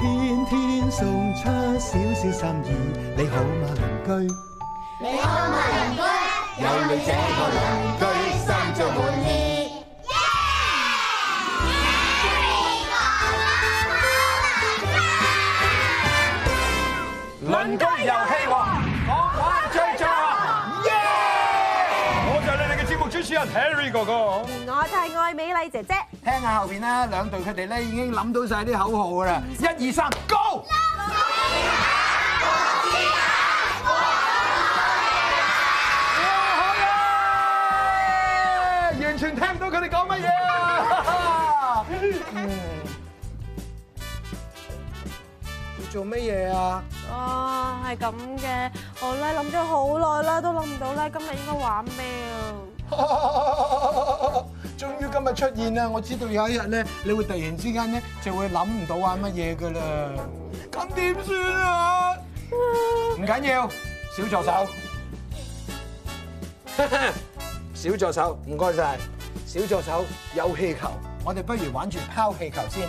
天天送出少少心意，你好嗎鄰居？你好嗎鄰居？有你這個鄰居，心滿意足。Yeah! Yeah! Harry 哥哥好鄰居，鄰、yeah! 居遊戲王，我、啊、最在。Yeah! Yeah! 我就係你哋嘅節目主持人 Harry 哥哥，我就係愛美麗姐姐。聽下後邊啦，兩隊佢哋咧已經諗到晒啲口號噶啦，一二三，Go！哇，可以，完全聽唔到佢哋講乜嘢。嗯，要做乜嘢呀？啊，係咁嘅，我咧諗咗好耐啦，都諗唔到咧，今日應該玩咩啊？終於今日出現啦！我知道有一日咧，你會突然之間咧就會諗唔到玩乜嘢噶啦。咁點算啊？唔緊要，小助手，哈哈，小助手，唔該晒，小助手，有氣球，我哋不如玩住拋氣球先，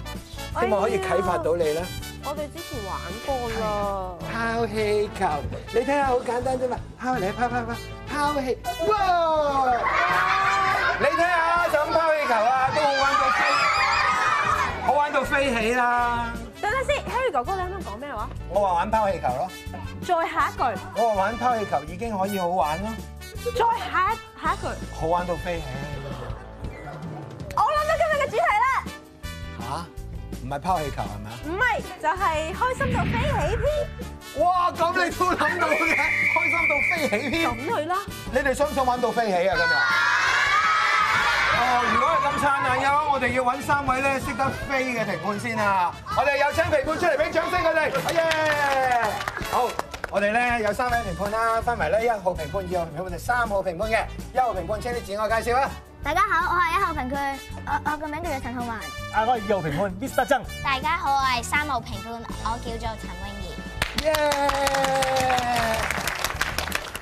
希望可以啟發到你啦。我哋之前玩過啦。拋氣球，你睇下好簡單啫嘛，拋你拋拋拋，拋氣，哇！你睇下。我想咁拋氣球啊，都好玩到飛，好玩到飛起啦！等下先，Harry 哥哥，你啱先講咩話？我話玩拋氣球咯。再下一句。我話玩拋氣球已經可以好玩咯。再下下一句。好玩到飛起！我諗到今日嘅主題啦。吓？唔係拋氣球係咪啊？唔係，就係、是、開心到飛起添。哇！咁你都諗到嘅，開心到飛起添。咁你啦。你哋想唔想玩到飛起啊？今日？如果係咁燦爛嘅話，我哋要揾三位咧識得飛嘅評判先啊！我哋有請評判出嚟，俾掌聲佢哋。好耶！好，我哋咧有三位評判啦，分為咧一號評判、二號評判同埋三號評判嘅。一號評判，請你自我介紹啊！大家好，我係一號評判。我我個名叫做陳浩文。啊，我係二號評判，Miss 曾。大家好，我係三號評判，我叫做陳泳怡。耶！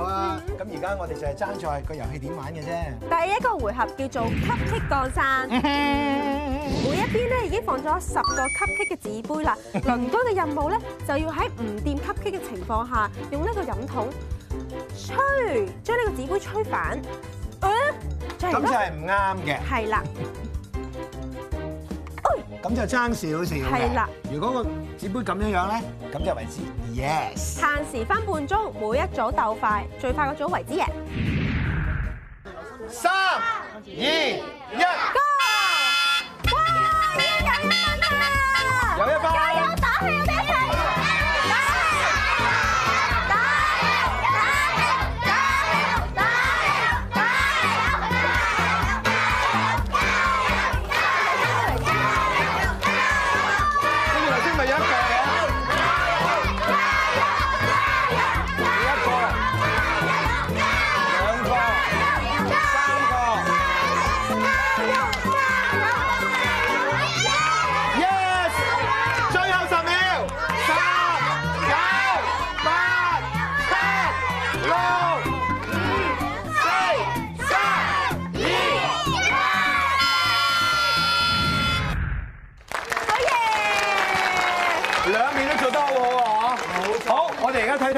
啊，咁而家我哋就係爭在個遊戲點玩嘅啫。第一個回合叫做 Cup Cake 降傘，每一邊咧已經放咗十個 Cup Cake 嘅紙杯啦。鄰居嘅任務咧，就要喺唔掂 Cup Cake 嘅情況下用這個飲吹，用呢個飲筒吹，將呢個紙杯吹反。咁就係唔啱嘅。係啦。咁就爭少少啦。係啦，如果個紙杯咁樣樣咧，咁就為止。Yes。限時分半鐘，每一組鬥快，最快嘅組為止贏。三二一。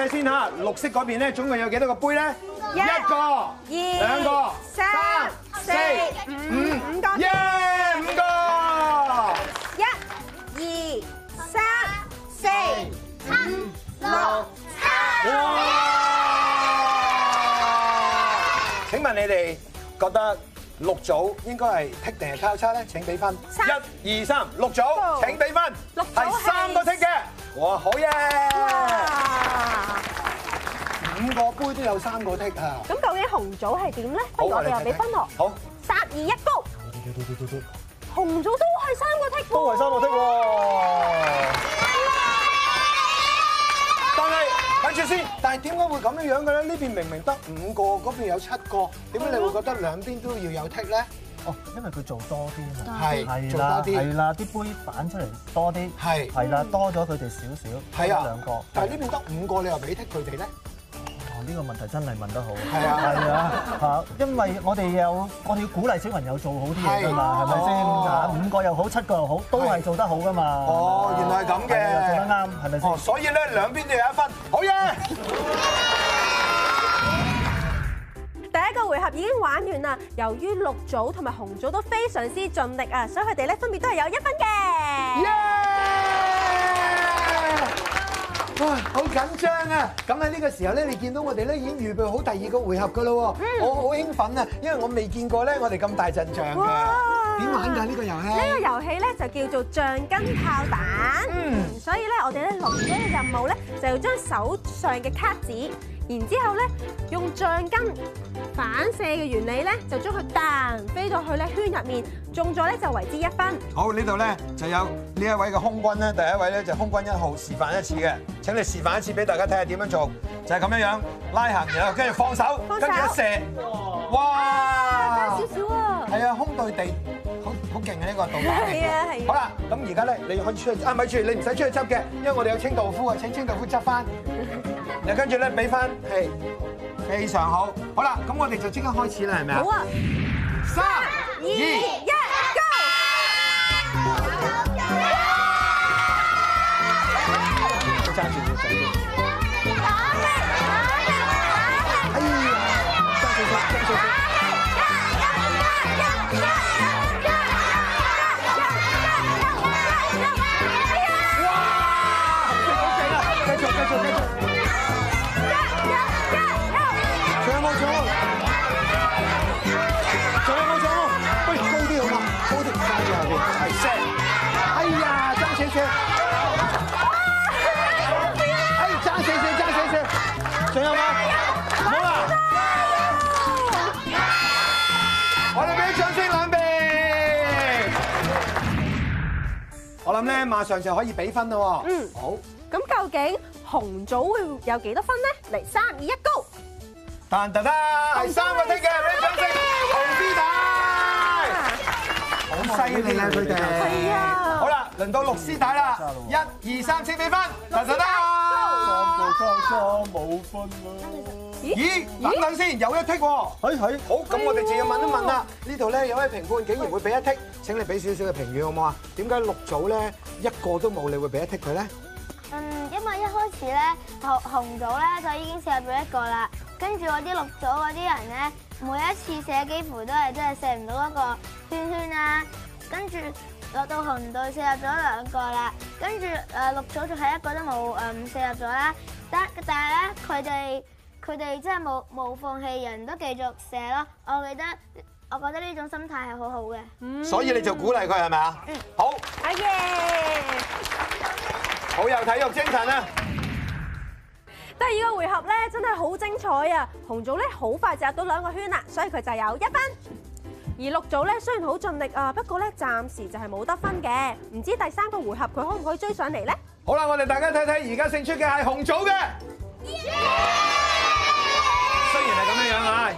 睇先嚇，綠色嗰邊咧總共有幾多個杯咧？一個、二、兩個、三、四、五、五個。耶，五個！一、二、三、四、五、六、七。請問你哋覺得六組應該係剔定係交叉咧？請俾分。一、二、三，六組請俾分，六組係三個剔嘅。哇，好嘢。五個杯都有三個 tick 啊！咁究竟紅組係點咧？不如我哋又俾分紅，好三二一高。嘟嘟嘟嘟嘟嘟，紅組都係三個 tick，都係三個 tick 喎。但係睇住先，但係點解會咁樣樣嘅咧？呢邊明明得五個，嗰邊有七個，點解你會覺得兩邊都要有 tick 咧？哦，因為佢做多啲啊嘛，係係啦，做多啲，係啦，啲杯板出嚟多啲，係係啦，多咗佢哋少少，多兩個。但係呢邊得五個，你又俾 tick 佢哋咧？呢個問題真係問得好，係啊，嚇，因為我哋有，我哋要鼓勵小朋友做好啲嘢㗎嘛，係咪先？嚇，五個又好，七個又好，都係做得好㗎嘛。哦，原來係咁嘅。做得啱，係咪先？哦，所以咧，兩邊都有一分，好嘢！第一個回合已經玩完啦。由於綠組同埋紅組都非常之盡力啊，所以佢哋咧分別都係有一分嘅。哇，好緊張啊！咁喺呢個時候咧，你見到我哋咧已經預備好第二個回合噶咯喎，我好興奮啊，因為我未見過咧我哋咁大陣仗㗎。點玩㗎呢個遊戲？呢個遊戲咧就叫做橡筋炮彈，所以咧我哋咧攞咗嘅任務咧，就要將手上嘅卡紙。然之後咧，用橡筋反射嘅原理咧，就將佢彈飛到去咧圈入面，中咗咧就為之一分。好，呢度咧就有呢一位嘅空軍咧，第一位咧就空軍一號示範一次嘅。請你示範一次俾大家睇下點樣做，就係咁樣樣拉行，然後跟住放手，跟住一射，哇！差少少啊！係啊，空對地，好好勁啊！呢個動作。係啊係。好啦，咁而家咧你可以出去啊，咪住你唔使出去執嘅，因為我哋有清道夫啊，請清道夫執翻。你跟住咧，俾返係非常好，好。好啦，咁我哋就即刻開始啦，係咪啊？好啊，三二一。咁咧，馬上就可以俾分咯喎。嗯。好。咁究竟紅組會有幾多分呢？嚟三二一，高！但得得，係三個積嘅，紅師弟。好犀利啊！佢哋。係啊。好啦，輪到綠師弟啦！一二三，請畀分。但得得。三個加三冇分啊！咦，等等先，有一 tick 喎。哎，好，咁我哋就要問一問啦。呢度咧有位評判竟然會俾一 tick，請你俾少少嘅評語好唔好啊？點解綠組咧一個都冇，你會俾一 tick 佢咧？嗯，因為一開始咧，紅組咧就已經射入咗一個啦。跟住我啲綠組嗰啲人咧，每一次射幾乎都係真係射唔到一個圈圈啊。跟住落到紅隊射入咗兩個啦，跟住誒綠組仲係一個都冇誒唔射入咗啦。得，但係咧佢哋。佢哋真係冇冇放棄，人都繼續射咯。我覺得，我覺得呢種心態係好好嘅。所以你就鼓勵佢係咪啊？嗯，好。阿耶，好有體育精神啊！第二個回合咧，真係好精彩啊！紅組咧好快就入到兩個圈啦，所以佢就有一分。而綠組咧雖然好盡力啊，不過咧暫時就係冇得分嘅。唔知第三個回合佢可唔可以追上嚟咧？好啦，我哋大家睇睇，而家勝出嘅係紅組嘅。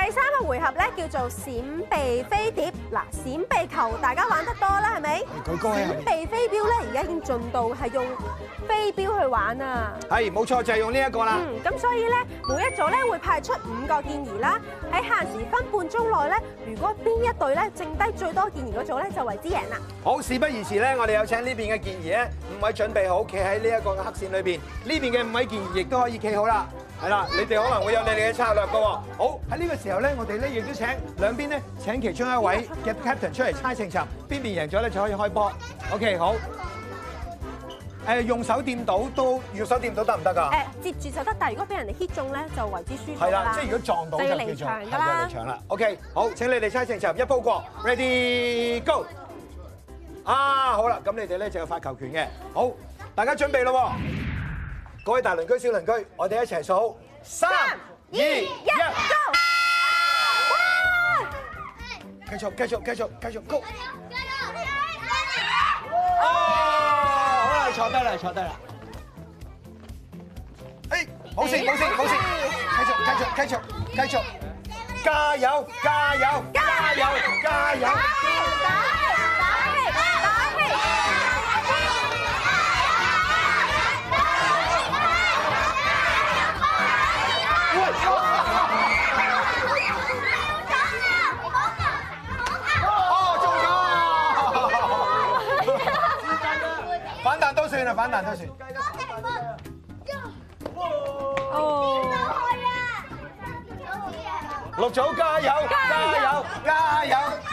第三個回合咧叫做閃避飛碟，嗱閃避球大家玩得多啦，係咪？閃避飛鏢咧，而家已經進度係用飛鏢去玩啦。係冇錯，就係用呢一個啦。咁所以咧，每一組咧會派出五個健兒啦，喺限時分半鐘內咧，如果邊一隊咧剩低最多健兒嘅組咧，就為之贏啦。好，事不宜遲咧，我哋有請呢邊嘅健兒咧五位準備好，企喺呢一個黑線裏邊，呢邊嘅五位健兒亦都可以企好啦。係啦，你哋可能會有你哋嘅策略㗎喎。好，喺呢個時候咧，我哋咧亦都請兩邊咧請其中一位嘅 captain 出嚟猜勝尋，邊邊贏咗咧就可以開波。OK，好。誒用手掂到都，用手掂到得唔得㗎？誒接住就得，但係如果俾人哋 hit 中咧就為之輸咗啦。係啦，即係如果撞到就離場㗎啦。離場啦。OK，好。請你哋猜勝尋，一鋪過。Ready go！啊，好啦，咁你哋咧就有發球權嘅。好，大家準備咯喎。各位大鄰居、小鄰居，我哋一齊數，三、二、一，Go！哇！繼續、繼續、繼續、繼續，Go！加油！加油！加油！哦！嚟啦！嚟啦！嚟啦！嚟啦！哎，冇事冇事冇事，繼續繼續繼續繼續，加油加油加油加油！好難揸船。多謝唔該。哇！哦。掂到去啊！掂到去啊！六組加油！加油！加油！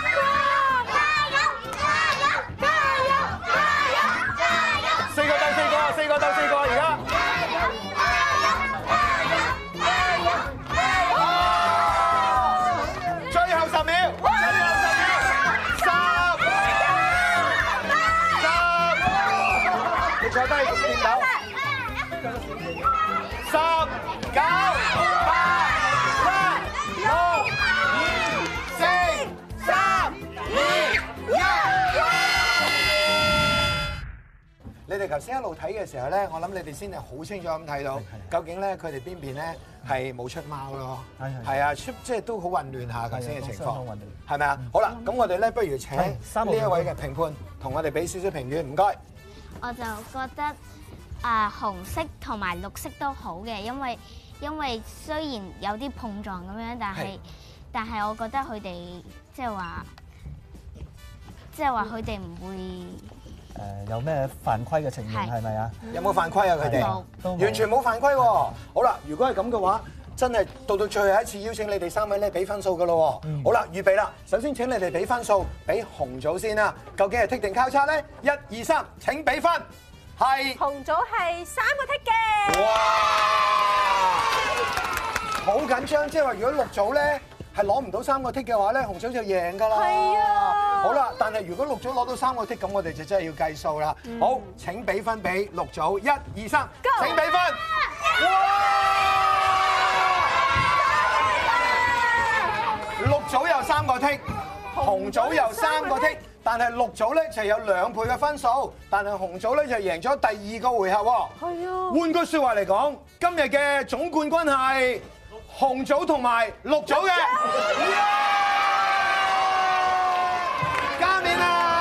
三、九、八、七、六、二、四、三、二、一、你哋頭先一路睇嘅時候咧，我諗你哋先係好清楚咁睇到，究竟咧佢哋邊邊咧係冇出貓咯？係啊，出即係都好混亂下頭先嘅情況，係咪啊？好啦，咁我哋咧不如請呢一位嘅評判同我哋俾少少評語，唔該。我就覺得啊，紅色同埋綠色都好嘅，因為因為雖然有啲碰撞咁樣，但係但係我覺得佢哋即係話即係話佢哋唔會誒有咩犯規嘅情形，係咪啊？有冇犯規啊？佢哋完全冇犯規喎！是的，是的，好啦，如果係咁嘅話。真係到到最後一次邀請你哋三位咧俾分數嘅咯喎，好啦，預備啦，首先請你哋俾分數，俾紅組先啦，究竟係剔定交叉咧？一、二、三，請俾分。係。紅組係三個剔嘅。哇！好緊張，即係話如果綠組咧係攞唔到三個剔嘅話咧，紅組就贏㗎啦。係啊。好啦，但係如果綠組攞到三個剔，咁我哋就真係要計數啦。好，請俾分俾綠組，一、二、三，請俾分。組有三個剔，紅組有三個剔，但係綠組咧就有兩倍嘅分數，但係紅組咧就贏咗第二個回合喎。係啊。換句説話嚟講，今日嘅總冠軍係紅組同埋綠組嘅加冕啦。